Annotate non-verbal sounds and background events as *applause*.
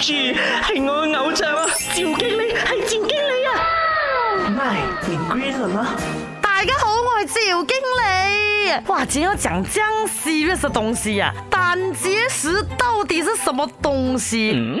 住，係我嘅偶像啊！趙經理，係趙經理啊！My，green、 *laughs* right? 大家好，我係趙經理。哇，今日要講江西咩西東西啊？膽結石到底是什麼東西？Mm?